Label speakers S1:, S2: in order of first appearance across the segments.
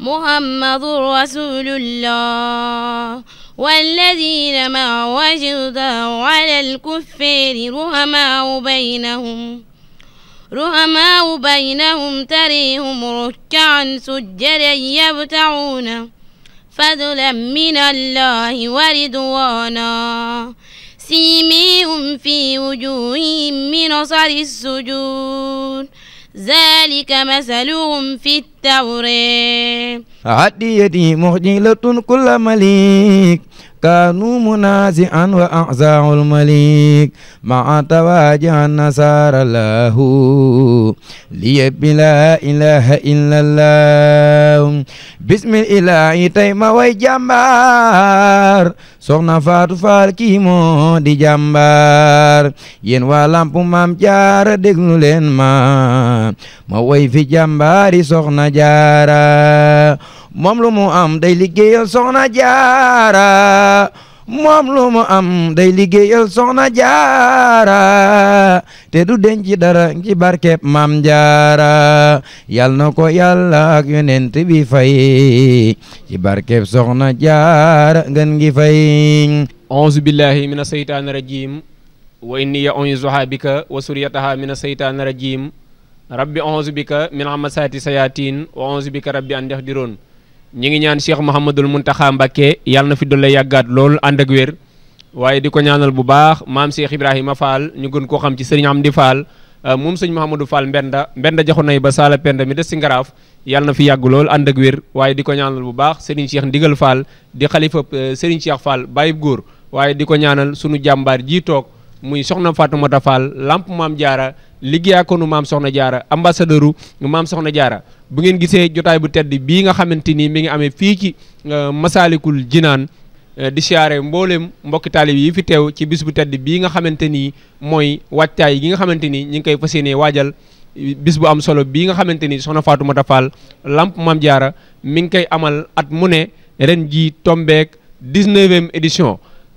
S1: محمد رسول الله والذين معه أشداء على الكفار رهماء بينهم رهماء بينهم تريهم ركعا سجدا يبتعون فضلا من الله ورضوانا سيميهم في وجوههم من صر السجود zalika masaluhum fi tawre
S2: hadiyati muhjilatun kulla malik kanu munazi'an wa a'za'ul malik ma'a tawajihan nasara lahu liya bila ilaha illallah bismil ilahi tayma way jambar soxna faatu faal kii moo di jàmbaar yéen waa lampu maam jaara déglu leen ma ma woy fi jàmbaari soxna jaara moom lu am day liggéeyal soxna jaara moom lu mu am day liggéeyal soxna jaara te du denc dara ci barkeb maam jaara yal na ko yàlla ak yonent bi fay ci barkeb soxna jaara ngeen ngi fay auzu
S3: billahi mina seytaani rajim wa inni ya u'izuha bika wa suriyataha mina seytaani rajim rabbi auzu bika min hamasati sayatin wa auzu bika rabbi an yahdirun ñi ngi ñaan Cheikh Mouhamadul Mountakha Mbacké yàlla na fi doole yàggaat lool ànd ak wér waaye di ko ñaanal bu baax maam Cheikh Ibrahima Fall ñu gën koo xam ci sëriñ di faal euh, moom sëñ Mouhamadou Fall Mbenda jaxu nay ba Saala Penda mi des si Ngaraaf yàlla na fi yàgg lool ànd ak wér waaye di ko ñaanal bu baax sëriñ Cheikh Ndigal Fall di xalifa euh, sëriñ Cheikh Fall bàyyib góor waaye di ko ñaanal sunu jàmbaar jii toog muy soxna Fatoumata Fall lamp maam jaara liggéeyakoonu maam soxna jaara ambassadeur u maam soxna jaara bu ngeen gisee jotaay bu tedd bii nga xamante nii mi ngi amee fii ci euh, Masaalikul Jinaan euh, di siyaare mboolem mbokki taalib yi fi teew ci bis bu tedd bii nga xamante ni mooy wàccaay gi nga xamante ni ñu ngi koy fas yéenee waajal bis bu am solo bii nga xamante ni soxna Fatoumata Fall lamp maam jaara mi ngi koy amal at mu ne ren ji tombeek 19e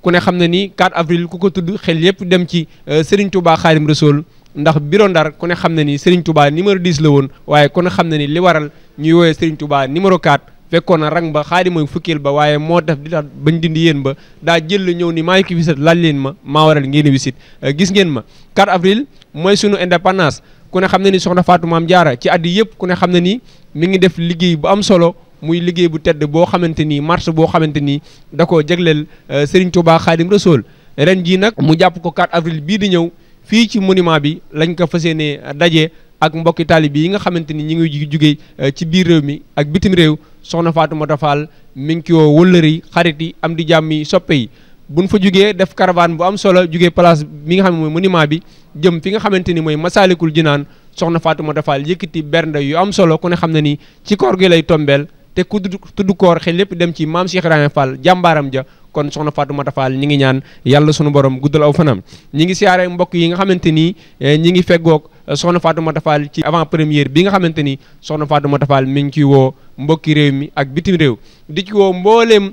S3: ku ne xam na ni 4 avril ku ko tudd xel yëpp dem ci euh, Serigne Touba Xaadim Rasool ndax biro Ndar ku ne xam na ni Serigne Touba numéro diis la woon waaye ku ne xam na ni li waral ñuy woowee Serigne Touba numéro 4. fekkoon na rang ba xaadi mooy fukkeel ba waaye moo def di tax bañ dindi yéen ba daa jël la ñëw ni maay ki wisit laaj leen ma maa waral ngeen wisit euh, gis ngeen ma 4 avril mooy sunu indépendance ku ne xam na ni soxna Fatou Maam Jaara ci at yi yëpp ku ne xam ne ni mi ngi def liggéey bu am solo muy liggéey bu tedd boo xamante ni marche boo xamante ni da koo jagleel euh, Serigne Touba Khadim Rasoul ren jii nag mu jàpp ko 4 avril bii di ñëw fii ci monument bi lañ ko fas yéenee daje ak mbokki taalibe yi nga xamante ni ñu ngi jugee euh, ci biir réew mi ak bitim réew soxna Fatoumata Fall mi ngi ci woo xarit yi am di jàmm yi soppe yi. nu fa jugee def caravane bu am solo jugee place bi nga xam ne mooy monument bi jëm fi nga xamante ni mooy Masaalikul Jinaan soxna Fatoumata Fall yëkkati bernde yu am solo ku ne xam ne ni ci koor gi lay tombeel te ku tudd koor xel lépp dem ci maam Cheikh Ibrahima Fall jàmbaaram ja kon soxna Fatoumata Fall ñi ngi ñaan yàlla sunu borom guddal aw fanam ñi ngi siyaare mbokk yi nga xamante ni eh, ñi ngi feggoog eh, soxna Fatoumata Fall ci avant première bi nga xamante ni soxna Fatoumata Fall mi ngi ciy woo mbokki réew mi ak bitim réew di ci woo mbooleem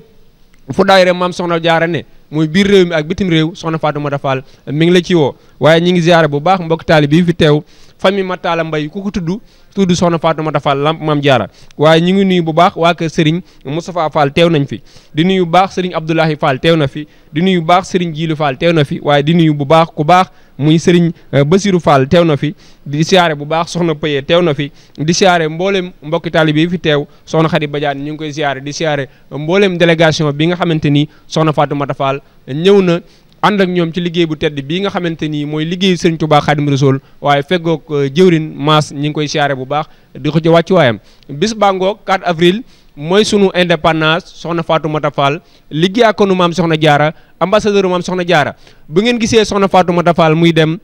S3: fu daayira maam soxna jaara ne muy biir réew mi ak bitim réew soxna Fatoumata Fall mi ngi la ci woo waaye ñi ngi siyaare bu baax mbokk taali bi fi teew famille Matala mbay ku ko tudd tudd soxna Fatoumata Fall lamp mam jaara waaye ñu ngi nuyu bu baax waa kër Serigne Moustapha Fall teew nañ fi di nuyu bu baax Serigne Abdoulahi Fall teew na fi di nuyu baax Serigne Jiilu faal teew na fi waaye di nuyu bu baax ku baax muy sëriñ euh, Basirou Fall teew na fi di siyaare bu baax soxna pëye teew na fi di siyaare mboolem mbokki taalibe yi fi teew soxna Khady Badiane ñu ngi koy siyaare di siyaare mboolem délégation bi nga xamante ni soxna Fatoumata Fall ñëw na ànd ak ñoom ci liggéey bu tedd bii nga xamante ni mooy liggéeyu Sëriñ Tuubaa Xaadim Rasuul waaye feggoog euh, jëwrin maas ñi ngi koy siyaare bu baax di ko ci wàccu waayam bis baa ngoog 4 avril mooy sunu indépendance soxna Fatoumata Fall liggéey ak nu maam soxna jaara ambassadeur maam soxna jaara bu ngeen gisee soxna Fatoumata Fall muy dem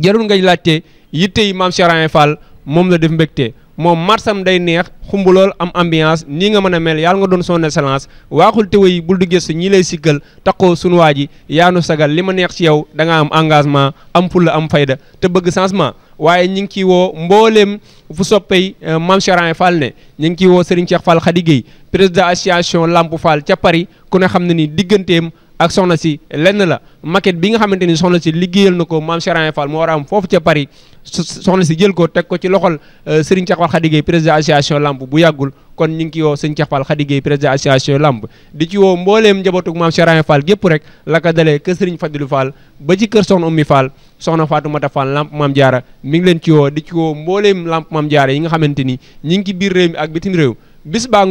S3: jarul ngay laajte yitte yi maam Serigne Fall moom la def mbégte moom marsam day neex xumb lool am ambiance nii nga mën a mel yàlla nga doon son excellence waaxul te yi bul di sa ñii lay sikkal taxoo sunu waa ji yaanu sagal li ma neex ci yow danga am engagement am fulla am fayda te bëgg changement waaye ñi ngi ciy woo mbooleem fu soppey euh, Mame Charan Fall ne ñu ngi ciy woo Serigne Cheikh Fall Khady Gueye président association Lamp Fall ca Paris ku ne xam ne ni digganteem ak soxna si lenn la makket bi nga xamante ni soxna si liggéeyal na ko maam Serigne Fall moo war a am foofu ca Paris soxna si jël ko teg ko ci loxol euh, Serigne Cheikh Fall Khady président association lamb bu yàggul kon ñu ngi ciy woo Serigne Cheikh Fall Khady président association lamb di ci woo mbooleem njabootu maam Serigne Fall gépp rek la ko dalee kër Serigne Fadilou Fall ba ci kër soxna Oumy Fall soxna Fatoumata Fall lamp maam Diarra mi ngi leen ci woo di ci woo mbooleem lamp maam Diarra yi nga xamante ni ñi ngi ci biir réew mi ak bitim réew bis baa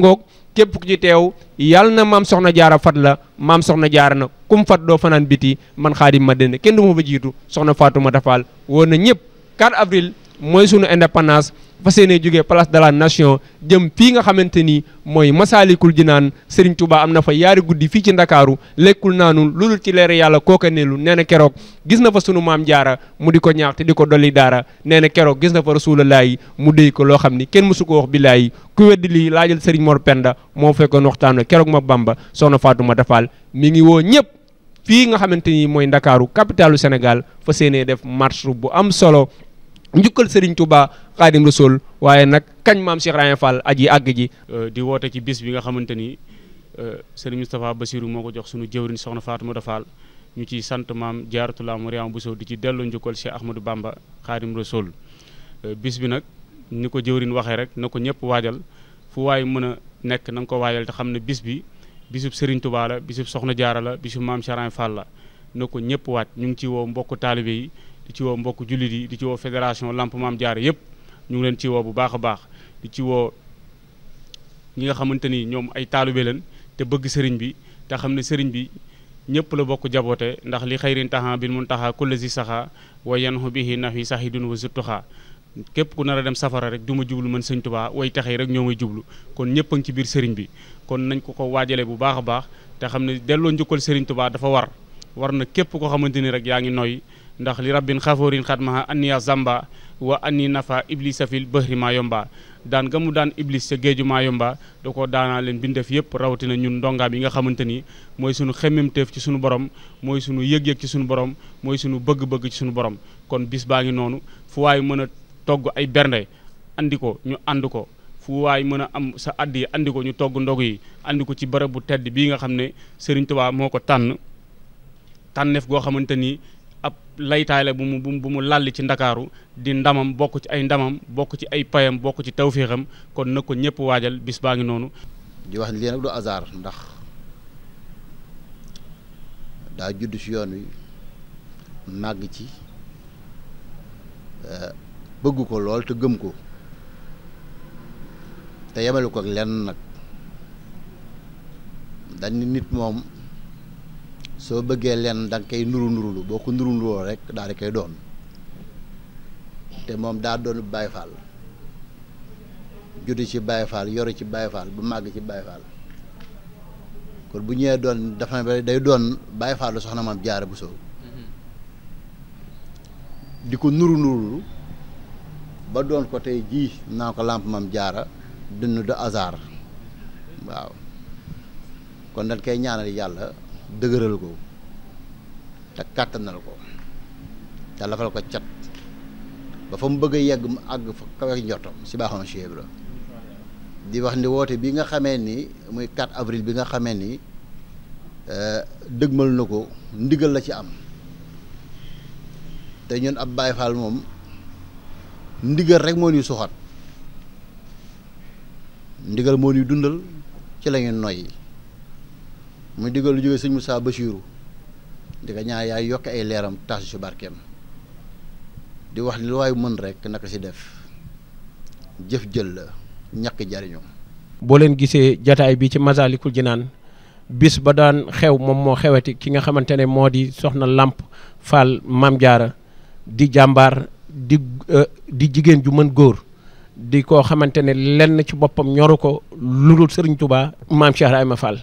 S3: képp ku ci teew yàlla na maam soxna jaara fat la maam soxna jaara na kum fat doo fanaan biti man xaadim ma dend kenn du ma jiitu soxna Fatou Mata Fall woon na ñëpp 4 avril mooy sunu indépendance fas yéene jógee place de la nation jëm fii nga xamante ni mooy masaalikul naan Serigne Touba am na fa yaari guddi fii ci ndakaaru lekkul naanul lulul ci leer yàlla kooka neelu nee na keroog gis na fa sunu maam jaara mu di ko ñaax te di ko dolli daara nee na keroog gis na fa rasulalaa yi mu déy ko loo xam ni kenn mësu ko wax billaayi ku weddi lii laajal Serigne Mor Penda moo fekkoon waxtaan wa keroog ma Bamba soxna Faatumata Fall mi ngi woo ñëpp fii nga xamante ni mooy ndakaaru capitalu Sénégal fa séenee def marche bu am solo njukkal Serigne Touba Xaadim Rasul waaye nag kañ maam Cheikh Rayen Fall aji àgg ji. Euh, di woote
S4: ci bis bi nga xamante ni euh, Serigne Moustapha Bassirou moo ko jox sunu jëwriñ soxna Fatoumata Fall ñu ciy sant maam jaaratu laa Jaaratullaa bu Bousso di ci delloo njukkal Cheikh Ahmadou Bamba Xaadim Rasul euh, bis bi nag ñu ko jëwriñ waxee rek na ko ñëpp waajal fu waay mën a nekk na ko waajal te xam ne bis bi bisub Serigne Touba la bisub Soxna Jaara la bisub maam Cheikh Rayen Fall ko ñëpp waaj ñu ngi ci woo mbokku taalibe yi. di ci woo mbokk jullit yi di ci woo fédération Lamp Maam Jaara yëpp ñu ngi leen ci woo bu baax a baax di ci woo ñi nga xamante ni ñoom ay taalibe leen te bëgg sëriñ bi te xam ne sëriñ bi ñëpp la bokk jaboote ndax li xayrin taxaa bil mun taxaa kulla si saxaa wa yanhu bihi naf yi sax yi dun wa suttuxaa képp ku nar a dem safara rek du ma jublu man sëñ Tuubaa way taxee rek ñoo may jublu kon ñëpp a ci biir sëriñ bi kon nañ ko ko waajale bu baax a baax te xam ne delloo njukkal sëriñ Tuubaa dafa war ndax li rabbin xafoorin xatmaha anniya zamba wa anni nafa iblisa fil bahri maa yomba daan ga mu daan iblis sa géeju maa yomba da ko daanaa leen bindeef yëpp rawatina ñun ndongaam yi nga xamante ni mooy sunu xemmemteef ci sunu borom mooy sunu yëg-yëg ci sunu boroom mooy sunu bëgg-bëgg ci sunu borom kon bis baa ngi noonu fu waay mën a togg ay bernde andi ko ñu ànd ko fu waay mën a am sa àdd yi andi ko ñu togg ndog yi andi ko ci bërëb bu tedd bii nga xam ne Serigne moo ko tànn goo xamante ni laytaay la bu mu bu mu lall ci ndakaaru di ndamam bokk ci ay ndamam bokk ci ay payam bokk ci tawféexam kon na ko ñëpp waajal bis baa ngi noonu
S5: di wax ni du hasard ndax daa judd ci yoon wi màgg ci euh, bëggu ko lool te gëm ko te yemale ko ak lenn nag dañ nit moom soo bëggee leen da koy nuru nurulu boo ko nuru nuruloo rek daal di koy doon te moom daa doon Baye Fall juddu ci Baye Fall yoru ci Baye Fall bu màgg ci Baye Fall kon bu ñëwee doon dafa day doon Baye Fall soxna maam jaara bu soow di ko nuru nurulu ba doon ko tey jii naa ko làmp maam jaara dund de hasard waaw kon dañ koy ñaanal yàlla dëgëral ko te kàttanal ko te lafal ko cat ba fa mu bëgg yegg mu àgg fa kawe njortam si baaxoon Cheikh Ibra di wax ni woote bi nga xamee ni muy 4 avril bi nga xamee ni euh, dëgmal na ko ndigal la ci am te ñun ab Baay Faal moom ndigal rek moo ñuy suxat ndigal moo ñuy dundal ci la ñuy noyyi muy digal lu jógee sëñ Moussa Bachirou di ko ñaar yaay yokk ay leeram taas ci barkeem di wax ni lu waay mën rek naka si def jëf jël la ñakk jariñu
S6: boo leen gisee jataay bi ci Masaalikul naan bis ba daan xew moom moo xeweti ki nga xamante ne moo di soxna làmp Fall Maam Jaara di jàmbaar di euh, di jigéen ju mën góor di ko xamante ne lenn ci boppam ñoru ko lu dul Sëriñ Tubaa Maam Cheikh Ibrahima Fall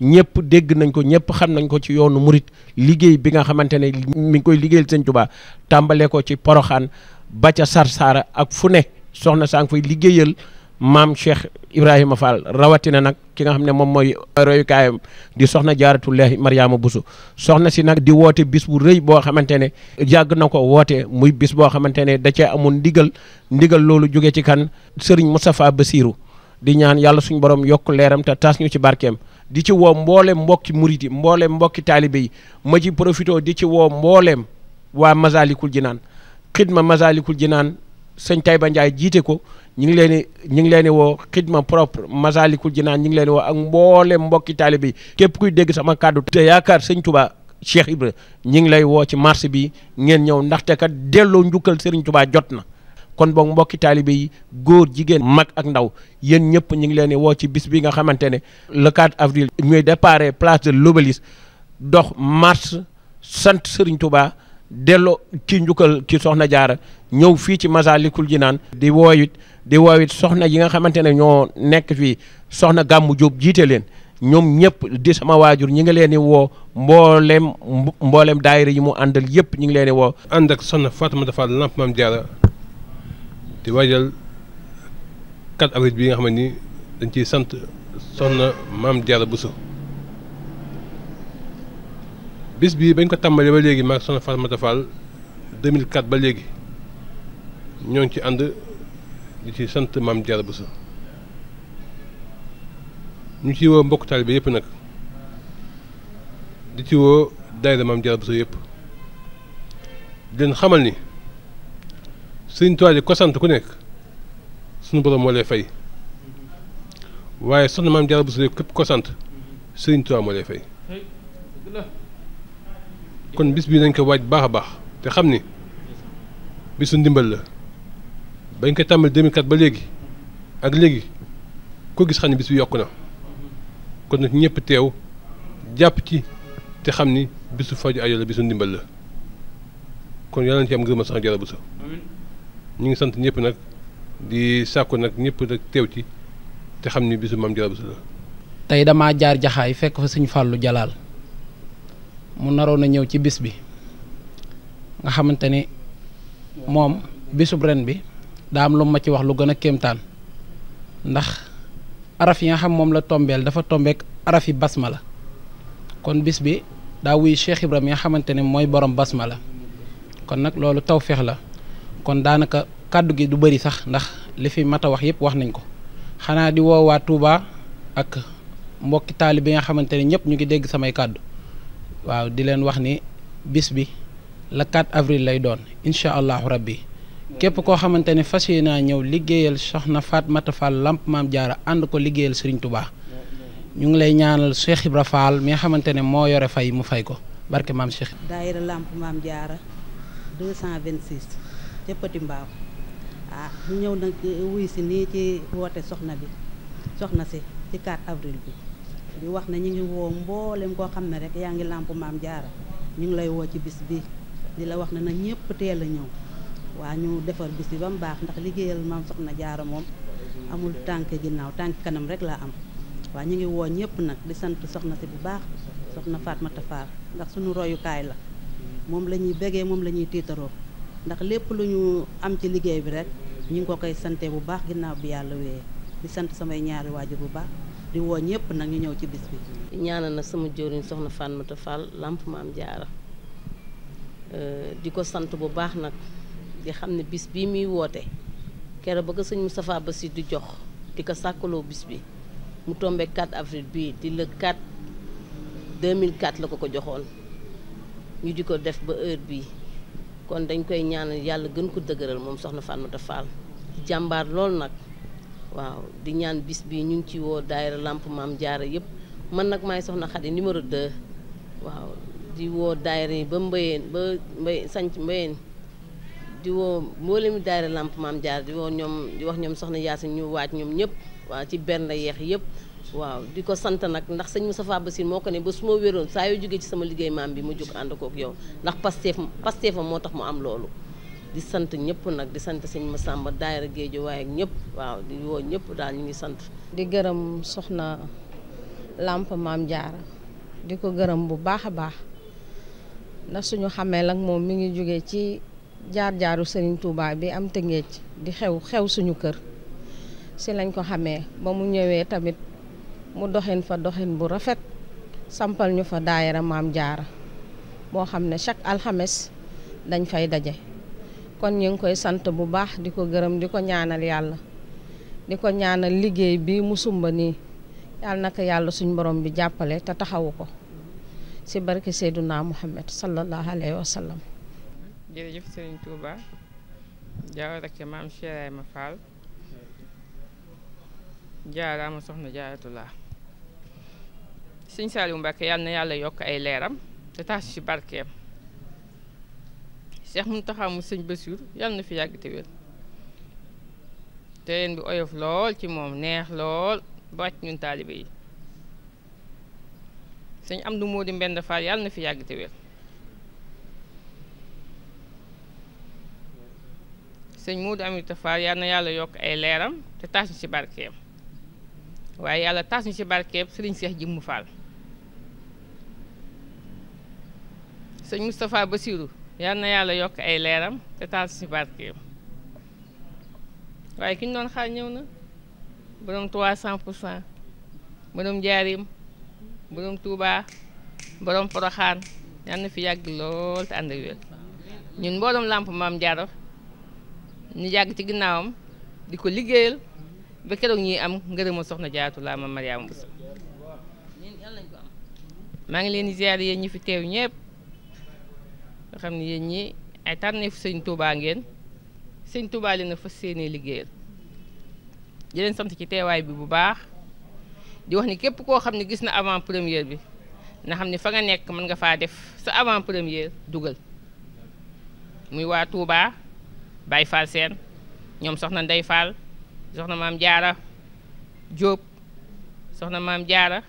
S6: ñëpp dégg nañ ko ñëpp xam nañ ko ci yoonu murit liggéey bi nga xamante ne mi ngi koy liggéeyal sëñ Tuubaa tàmbale ko ci poroxaan ba ca Sarsara ak fu ne soxna saa ngi fay liggéeyal maam Cheikh Ibrahima Fall rawatina nag ki nga xam ne moom mooy reyukaayam di soxna jaaratullahi Mariama Busu soxna si nag di woote bis bu rëy boo xamante ne yàgg na ko woote muy bis boo xamante ne da cee amul ndigal ndigal loolu jóge ci kan Serigne Moustapha Bassirou di ñaan yàlla suñu borom yokk leeram te ci barkeem di ci woo mboolem mbokki murit yi mbokki taalibe yi ma ci profité di ci woo mbooleem waa Masalikul Jinaan xidma Masalikul naan sëñ Taïba Ndiaye jiite ko ñu ngi leen di ñu ngi leen di woo xidma propre Masalikul Jinaan ñu ngi leen di woo ak mboolem mbokki taalibe yi képp kuy dégg sama kàddu te yaakaar sëñ Touba Cheikh Ibra ñu ngi lay woo ci marché bi ngeen ñëw ndaxte kat delloo njukkal Serigne Touba jot na. kon boog mbokki taalibe yi góor jigéen mag ak ndaw yéen ñëpp ñu ngi leen di woo ci bis bi nga xamante ne le 4 avril ñooy déparé place de l'Obélisque dox marche sant Serigne Touba delloo ci njukkal ci soxna jaara ñëw fii ci Masaalikul naan di wooyit di wooyit soxna yi nga xamante ne ñoo nekk fii soxna gàmmu Jóob jiite leen ñoom ñëpp di sama waajur ñi ngi leen di woo mbooleem
S7: mbooleem daayira yi mu àndal yëpp ñi ngi leen woo ànd ak soxna Faatuma dafa Lamp Maam Jaara di waajal 4 avril bi nga xam ni dañ ciy sant soxna maam Diarra buso bis bii bañ ko tàmbali ba léegi maag soxna Fatmata Fall 2004 ba léegi ñoo ngi ci ànd di ci sant maam Diarra buso ñu ci woo mbokk taalibe yëpp nag di ci woo daayira maam Diarra Bousso yëpp di leen xamal ni. sëriñ Tuubaa di ko sant ku nekk suñu borom moo lay fay waaye soxna maam Jaara Buso képp ko sant sëriñ Tuubaa moo lay fay kon bis bi nañ ko waaj baax a baax te xam ni bisu ndimbal la bañ ko tàmbali 2004 ba léegi ak léegi ko gis xam ne bis bi yokku na kon nag ñëpp teew jàpp ci te xam ni bisu faju ajo la bisu ndimbal la kon yàlla na ci am ngërëm Soxna Jaara ñu ngi sant ñëpp nag di sàkku nag ñëpp nag teew ci te xam ni bisu maam Diarra Bousso
S6: tey damaa jaar jaxaay fekk fa suñu fàllu jalaal mu naroon a ñëw ci bis bi nga xamante ni moom bisub ren bi daa am lu ma ci wax lu gën a kéemtaan ndax araf yi nga xam moom la tombeel dafa tombeek araf yi la kon bis bi daa wuy Cheikh Ibrahima yi nga xamante ne mooy borom la kon nag loolu taw tawféex la kon daanaka kàddu gi du bëri sax ndax li fi mat a wax yëpp wax nañ ko xanaa di woo waa ak mbokki taali bi nga xamante ne ñëpp ñu ngi dégg samay kàddu waaw di leen wax ni bis bi la 4 avril lay doon incha allahu bi képp koo xamante ne fas yéene naa ñëw liggéeyal soxna mata Fall Lamp Maam Jaara ànd ko liggéeyal Sëriñ Touba ñu ngi lay ñaanal Cheikh Ibra mi nga xamante ne moo yore fay mu fay ko barke maam
S7: Cheikh.
S1: ca Petit Mbaaw ah ñu ñëw nag wuy si nii ci woote soxna bi soxna si ci 4 avril bi di wax na ñu ngi woo mboolem koo xam ne rek yaa ngi làmp maam jaara ñu ngi lay woo ci bis bi di la wax na nag ñëpp teel a ñëw waa ñu defar bis bi ba mu baax ndax liggéeyal maam soxna jaara moom amul tànk ginnaaw tànk kanam rek laa am waa ñu ngi woo ñëpp nag di sant soxna si bu baax soxna Fatmata Faal ndax suñu royukaay la moom la ñuy bégee moom la ñuy tiitaroo ndax lépp lu ñu am ci liggéey bi rek ñu ngi ko koy sante bu baax ginnaaw bi yàlla wéyee di sant samay ñaari waajur bu baax di woo ñëpp nag ñu ñëw ci bis bi. ñaanal nag sama jëriñ soxna Fatmata Fall lamp maam jaara euh, di ko sant bu baax nag di xam ne bis bii muy woote keroog ba ko sëñ Moustapha Ba si di jox di ko sàkkaloo bis bi mu tombé 4 avril bii di le 4 2004 la ko ko joxoon ñu di ko def ba heure bii. kon dañ koy ñaan yàlla gën ko dëgëral moom soxna Fatoumata Fall jàmbaar lool nag waaw di ñaan bis bi ñu ngi ci woo daayira làmp maam jaara yëpp man nag maay soxna Xadi numéro 2 waaw di woo daayira yi ba mbayeen ba mbay sanc mbayeen di woo mboolem daayira làmp maam jaara di woo ñoom di wax ñoom soxna Yaasin ñu waaj ñoom ñëpp waaw ci benn yeex yëpp waaw di ko sant nag ndax sëñ Moustapha Bassir moo ko ne ba su ma wéroon saa yoo jógee ci sama liggéey maam bi ma jóg ànd kook yow ndax pasteef pasteefam moo tax mu am loolu di sant ñëpp nag di sant sëñ Massamba daayira géejo waaye ñëpp waaw ñëpp daal ñu ngi sant di gërëm soxna làmp maam jaara di ko gërëm bu baax a baax ndax suñu xamee lak moom mi ngi jógee ci jaar-jaaru sëriñ Touba bi am tëngéej di xew xew suñu kër si lañ ko xamee ba mu ñëwee tamit mu doxin fa doxin bu rafet sampal ñu fa daayira maam jaara boo xam ne chaque alxames dañ fay daje kon ñu ngi koy sant bu baax di ko gërëm di ko ñaanal yàlla di ko ñaanal liggéey bi mu sumba nii yàlla naka yàlla suñ borom bi jàppale te taxawu ko si barke Seyduna Muhammad sallallahu alayhi wa sallam
S8: jërëjëf jaaraama soxna jaaratulaa sëñ Saaliwu mbakk yàlla na yàlla yokk ay leeram te taas ci barkeem Cheikh Muntaxa mu sëñ Basiir yàlla na fi yàgg te wér bi oyof lool ci moom neex lool ba wàcc ñun taalibe yi sëñ Amdu Moodu Mbend Faal yàlla na fi yàgg te wér sëñ Moodu Amita Faal yàlla na yàlla yokk ay leeram te taas ci barkeem waaye yàlla taas ñu ci barkeeb sëriñ Seex ji mu Faal sëñ Moustapha Bassirou yal na yàlla yokk ay leeram te taas ci barkeeb waaye ki ñu doon xaar ñëw na borom 300 pour cent borom jaarim borom Touba borom Poroxaan yal na fi yàgg lool te ànd ak wér ñun mboolem làmp maam Jaara ñu yàgg ci ginnaawam di ko liggéeyal. ba keroog ñuy am ngërëma soxna jaaratu laa ma Mariama Bousso maa ngi leen di ziar yéen ñi fi teew ñëpp nga xam ne yéen ñi ay tànneefu sëñ Touba ngeen sëñ Touba leen a fas yéenee liggéeyal di sant ci teewaay bi bu baax di wax ni képp koo xam ne gis na avant première bi na xam ne fa nga nekk mën nga faa def sa avant première dugal muy waa Touba Baye Fall seen ñoom soxna Ndey Fall. soxna maam jaara Jóob soxna maam jaara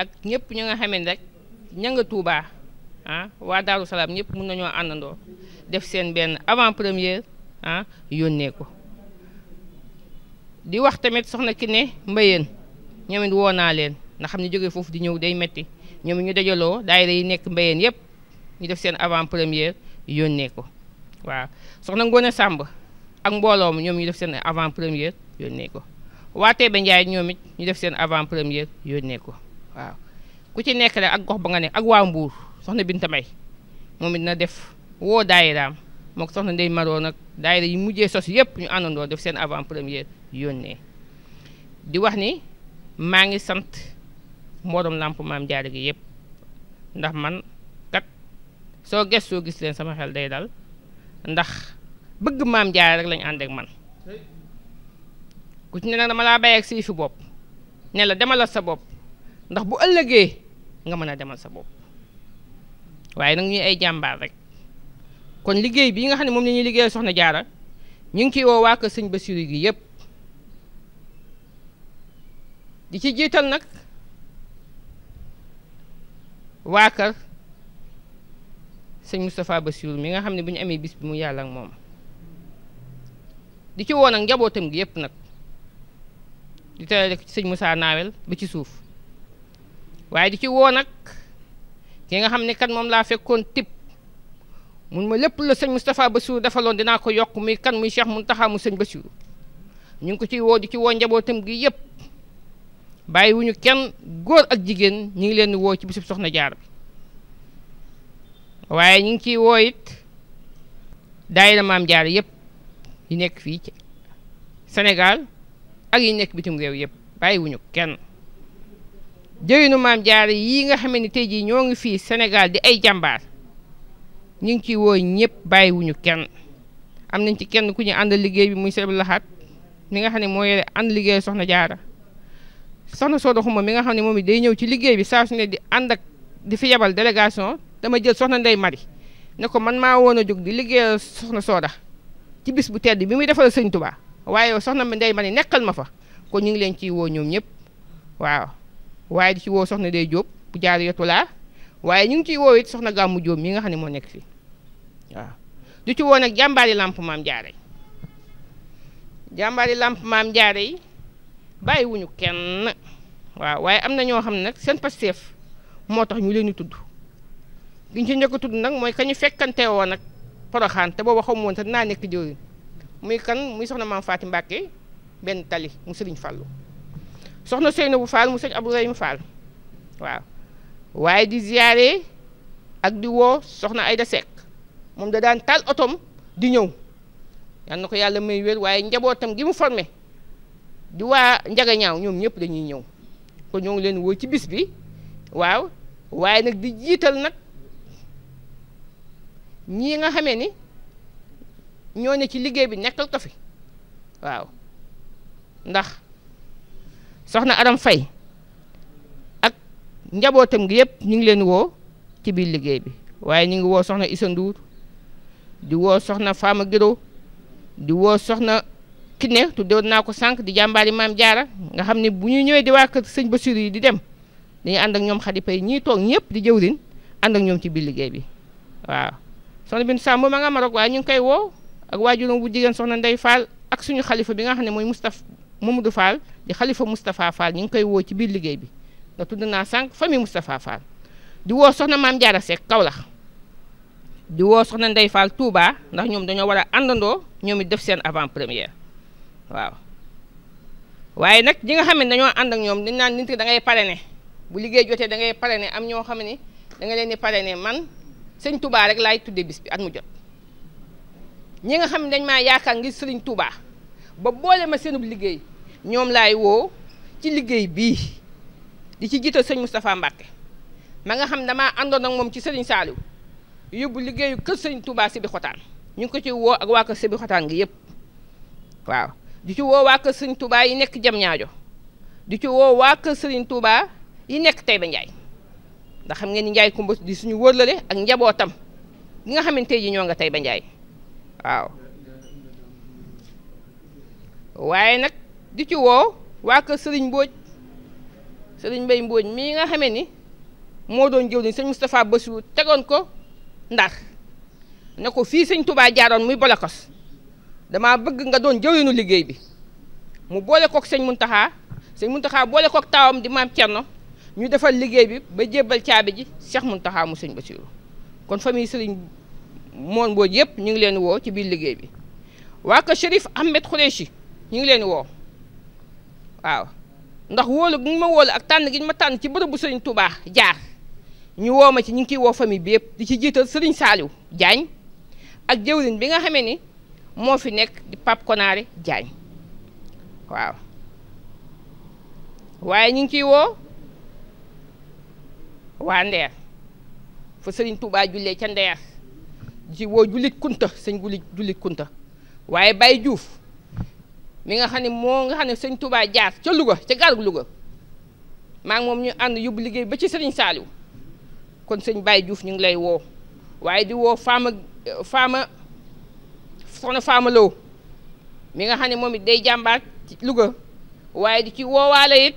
S8: ak ñépp ñu nga xamee rek ña nga Tuubaa ah waa Daaru Salaam ñëpp mun nañoo àndandoo def seen benn avant première ah yónnee ko di wax tamit soxna ki ne mbayeen ñoom it woo naa leen nga xam ne jógee foofu di ñëw day metti ñoom ñu dajaloo daayira yi nekk mbayeen yëpp ñu def seen avant première yónnee ko waaw soxna Ngoone Sàmb ak mbooloo mi ñoom ñu def seen avant première yónnee ko waa Taïba Ndiaye ñoom it ñu def seen avant première yónnee ko waaw ku ci nekk rek ak gox ba nga ne ak waa mbuur soxna Binta May moom it na def woo daayiraam mook soxna Ndey Maroo nag daayira yi mujjee sos yëpp ñu àndandoo def seen avant première yónnee di wax ni maa ngi sant mboorom làmp maam jaare gi yëpp ndax man kat soo gëstoo gis leen sama xel day dal ndax bëgg maam jaara rek lañu ànd ak man ku ci ne nag dama laa bàyyi sii si fi bopp ne la demalal sa bopp ndax bu ëllëgee nga mën a demal sa bopp waaye nag ñuy ay jàmbaar rek kon liggéey bii nga xam ne moom la ñuy liggéeyal soxna jaara ñu ngi ciy woo waa kër sëñ Basiru gi yëpp di ci jiital nag waa kër sëñ Moustapha Basiru mi nga xam ne bu ñu amee bis bi mu yàlla ak moom di ci woo nag njabootam gi yëpp nag di terale ko ci sëñ Moussa Nawel ba ci suuf waaye di ci woo nag ki nga xam ne kan moom laa fekkoon tip mun ma lépp la sëñ Moustapha Bassirou defaloon dinaa ko yokk muy kan muy Cheikh mun taxaamu sëñ Bassirou ñu ngi ko ciy woo di ci woo njabootam gi yëpp bàyyiwuñu kenn góor ak jigéen ñu ngi leen di woo ci bisub soxna jaar bi waaye ñu ngi ciy woo it daayira maam jaar yëpp. yi nekk fii ci Sénégal ak yi nekk bitim réew yëpp bàyyiwuñu kenn jëriñu maam jaare yi nga xam ni tey jii ñoo ngi fii senegal di ay jàmbaar ñu ngi ciy woo ñëpp bàyyiwuñu kenn am nañ ci kenn ku ñu ànd liggéey bi muy Sëriñ Laxaat mi nga xam ne moo yore ànd liggéey soxna jaara soxna Sooda mi nga xam ne moom it day ñëw ci liggéey bi saa su ne di ànd ak di fi yebal délégation dama jël soxna Ndey Mari ne ko man maa woon a jóg di liggéeyal soxna Sooda ci bis bu tedd bi muy defal sëñ Tuubaa waaye yow ma ndey ma ne nekkal ma fa kon ñu ngi leen ciy woo ñoom ñëpp waaw waaye di ci woo soxna day Jóob bu jaar yotu laa waaye ñu ngi ciy woo it soxna gàmmu Jóob mi nga xam ne moo nekk fii waaw du ci woo nag jàmbaari làmp maam jaare jàmbaari làmp maam jaare yi bàyyiwuñu kenn waaw waaye am na ñoo xam ne nag seen pasteef moo tax ñu leen di tudd giñ ci njëkk tudd nag mooy ka ñu fekkante woon nag poroxaan te booba xaw ma woon sax dinaa nekk jëwriñ muy kan muy soxna maam Faati Mbàkke benn tali mu sëriñ Fàllu soxna Seynabu Fall mu sëriñ Abdourahim Fall waaw waaye di ziyaare ak di woo soxna Ayda Seck moom da daan taal otom di ñëw yal na ko yàlla may wér waaye njabootam gi mu formé di waa njagañaaw ñoom ñëpp dañuy ñëw kon ñoo ngi leen woo ci bis bi waaw waaye nag di jiital nag ñii nga xamee ni ñoo ne ci liggéey bi nekkal ko fi waaw ndax soxna Aram Faye ak njabootam gi yëpp ñu ngi leen woo ci biir liggéey bi waaye ñu ngi woo soxna Issa Ndour di woo soxna Fama Giro di woo soxna Kiné tuddoon naa ko sànq di jàmbaari maam jaara nga xam ne bu ñuy ñëwee di waa kër sëñ Bassirou yi di dem dañuy ànd ak ñoom xadi pay ñii toog ñëpp di jëwrin ànd ak ñoom ci biir liggéey bi waaw soxna Bintu Samb ma nga Maroc waaye ñu ngi koy woo ak waajuram bu jigéen soxna Ndey faal ak suñu xalifa bi nga xam ne mooy Moustapha Mamadou Fall di xalifa Moustapha Fall ñu ngi koy woo ci biir liggéey bi tudd naa sànq famille Moustapha Fall di woo soxna Maam Jaara Seck Kaolack di woo soxna Ndey Fall Touba ndax ñoom dañoo war a àndandoo ñoom def seen avant première waaw waaye nag ñi nga xam ne dañoo ànd ñoom dañ naan nit ki da ngay ne bu liggéey jotee da ngay ne am ñoo xam ne da nga leen di ne man sëñ Touba rek laay tuddee bis bi ak mu jot ñi nga xam dañ maa yaakaar ngir sëriñ Touba ba boole ma seenub liggéey ñoom laay woo ci liggéey bii di ci jiital sëñ Moustapha Mbacke ma nga xam damaa àndoon ak moom ci sëriñ Saliou yóbbu liggéeyu kër sëriñ Touba Sébi Xotaan ñu ngi ko ci woo ak waa kër Sébi Xotaan gi yëpp waaw di ci woo waa kër sëriñ Touba yi nekk Jam ñaajo di ci woo sëriñ Touba yi nekk Taïba Ndiaye ndaxam xam ngeen ni Ndiaye Coumba di suñu wërlale ak njabootam gi nga xamante ji ñoo nga tey ba Ndiaye waaw waaye nag di ci woo waa kër Serigne Mbodj Serigne Mbaye Mbodj mii nga xamee ni moo doon jëw ni sëñ Moustapha tegoon ko ndax ne ko fii sëñ Touba jaaroon muy bolokos damaa bëgg nga doon jëwinu liggéey bi mu boole kook sëñ Mountakha sëñ Mountakha boole kook taawam di maam no ñu defal liggéey bi ba jébbal caabi ji Cheikh Mountakha mu sëñ Bassirou kon famille sëriñ Mor Mbodj yëpp ñu ngi leen woo ci biir liggéey bi waa ko Chérif Ahmed Khoureyssi ñu ngi leen woo waaw ndax wóolu gi ma wóolu ak tànn gi ma tànn ci bërëbu Serigne Touba jaar ñu woo ma ci ñu ngi koy woo famille bi yëpp di ci jiital sëriñ saaliw jaañ ak jëwriñ bi nga xamee ni moo fi nekk di Pape Konaare Diagne waaw waaye ñu ngi ciy woo. waa ndeer fa sëriñ Touba jullee ca ndeer ji woo jullit kunta sëñ guli jullit kunta waaye Baye Diouf mi nga xam ne moo nga xam ne sëñ Touba jaar ca Louga ca gargu Louga maa ngi moom ñu ànd yóbbu liggéey ba ci sëriñ Saliou kon sëñ Baye juuf ñu ngi lay woo waaye di woo faama faama soxna faama Lo mi nga xam ne moom it day jàmbaar ci Louga waaye di ci woowaale it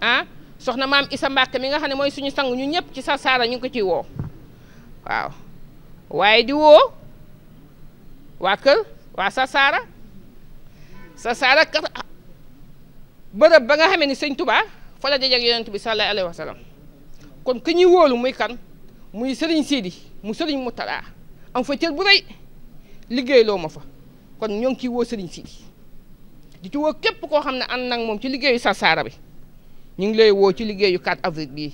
S8: ah, soxna maam Isa Mbàkke mi nga xam ne mooy suñu sang ñu ñëpp ci Sarsara ñu ngi ko ciy woo waaw waaye di woo waa kër waa Sarsara Sarsara kat bërëb ba nga xamee ni sëñ tubaa fa la dajeeg yonent bi sallallahu alayhi wa sallam kon ku ñuy wóolu muy kan muy sëriñ Sidi mu sëriñ Moutala am fa cër bu rëy liggéeyloo ma fa kon ñoo ngi ciy woo sëriñ Sidi di ci woo képp koo xam ne am nag moom ci liggéeyu Sarsara bi ñu ngi lay woo ci liggéeyu 4 avril bii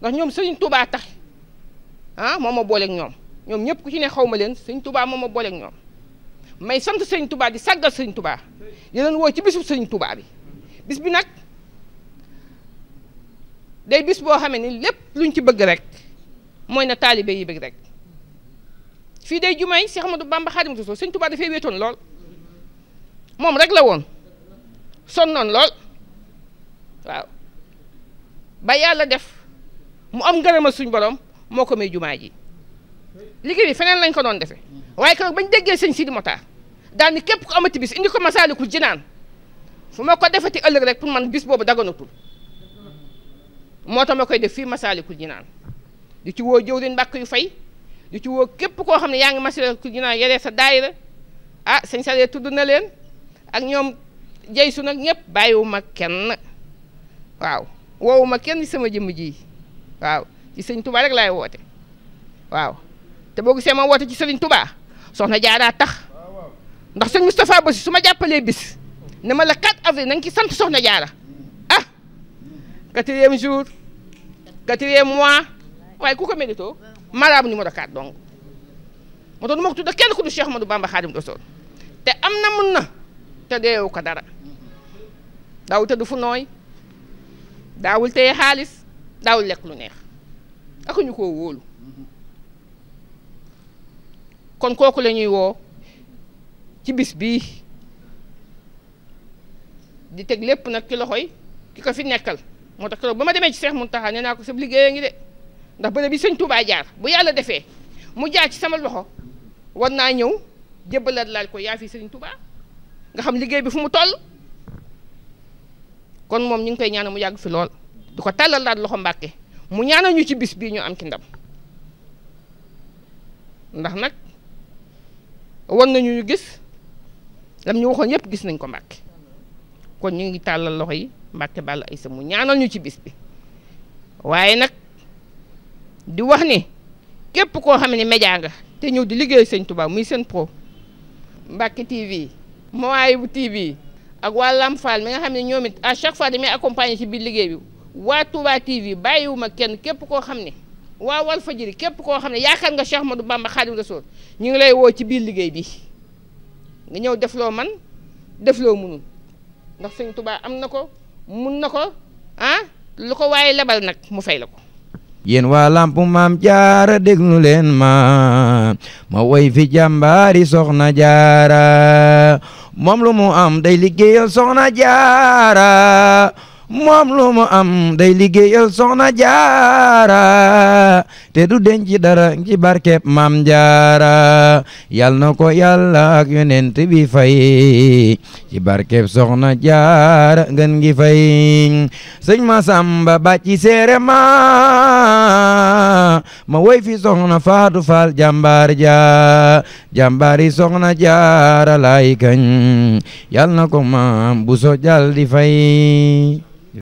S8: ndax ñoom sëriñ tubaa tax ah moo ma booleek ñoom ñoom ñëpp ku ci ne xaw ma leen sëriñ Touba moom ma booleek ñoom may sant sëriñ Touba di sàggal sëriñ tubaa di leen woo ci bisu sëriñ tubaa bi bis bi nag day bis boo xamee ni lépp luñ ci bëgg rek mooy na taalibe yi bëgg rek fii day jumay Cheikh Ahmadou Bamba Khadimu Rasuul sëriñ tubaa dafay wéetoon lool moom rek la woon sonnoon lool waaw ba yàlla def mu am ngërëma suñ borom moo ko may jumaa ji liggéey bi feneen lañ ko doon defee waaye keroog bañ deggee sëñ Sidi Mokhtar daal ni képp ku amati bis indi ko Masaalikul Jinaan fu ma ko defati ëllëg rek pour man bis boobu daganatul moo tax ma koy def fii Masaalikul Jinaan di ci woo jëwriñ mbàkk yu fay di ci woo képp koo xam ne yaa ngi Masaalikul Jinaan yore sa daayira ah sëñ Saree tudd na leen ak ñoom jay su nag ñëpp bàyyiwu ma kenn waaw woowu ma kenn sama jëmm ji waaw ci sëñ Touba rek laay woote waaw te boo gisee ma woote ci sëriñ Touba soxna jaaraa tax ndax sëñ Moustapha Bossi su ma jàppalee bis ne ma la 4 avril na nga ci sant soxna jaara ah quatrième jour quatrième mois waaye ku ko mérito maraam numéro 4 donc moo tax du ma ko tudda kenn ku du Cheikh Ahmadou Bamba Xaadimu Rasuul te am na mun na te deewu ko dara daw te du fu nooy daawul téye xaalis daawul lekk lu neex akuñu ko wóolu kon kooku la ñuy woo ci bis bi di teg lépp nag loxo yi ki ko fi nekkal moo tax keroog ba ma demee ci Cheikh Mountakha nee naa ko sab liggéey a ngi de ndax bërëb bi sëñ Touba jaar bu yàlla defee mu jaar ci sama loxo war naa ñëw jébbalaat laal ko yaa fi sëñ Touba nga xam liggéey bi fu mu toll kon moom ñu ngi koy ñaanal mu yàgg fi lool di ko tàllal daal loxo Mbàkke mu ñaanal ñu ci bis bii ñu am ci ndam ndax nag war nañu ñu gis lam ñu waxoon yëpp gis nañ ko Mbàkke kon ñu ngi tàllal loxo yi Mbàkke ay Aïssa mu ñaanal ñu ci bis bi waaye nag di wax ni képp koo xam ne média nga te ñëw di liggéey sëñ Tuubaa muy seen pro Mbàkke TV bu TV ak waa Lamfal mi nga xam ne ñoom it à chaque fois damay accompagner ci biir liggéey bi waa Touba TV bàyyiwuma kenn képp koo xam ne waa Walfadjri képp koo xam ne yaakaar nga Cheikh Ahmadou Bamba Khadim Rasoul ñu ngi lay woo ci biir liggéey bi nga ñëw def loo man def loo mënul ndax sëñ Touba am na ko mun na ko ah ko waaye lebal nag mu fay la ko.
S2: yéen waa lamp maam jaara déglu leen ma ma woy fi jàmbaari soxna jaara. moom lu am day liggéeyal soxna jaara moom lu am day liggéeyal soxna jaara te du denc dara ci barkeb maam jaara yal na ko yàlla ak yonent bi fay ci barkeb soxna jaara ngeen gi fay sëñ Masamba ba ci seere ma ma woy fi soxna faatu faal jàmbaar ja jàmbaari soxna jaara lay kañ yal na ko maam bu jal di fay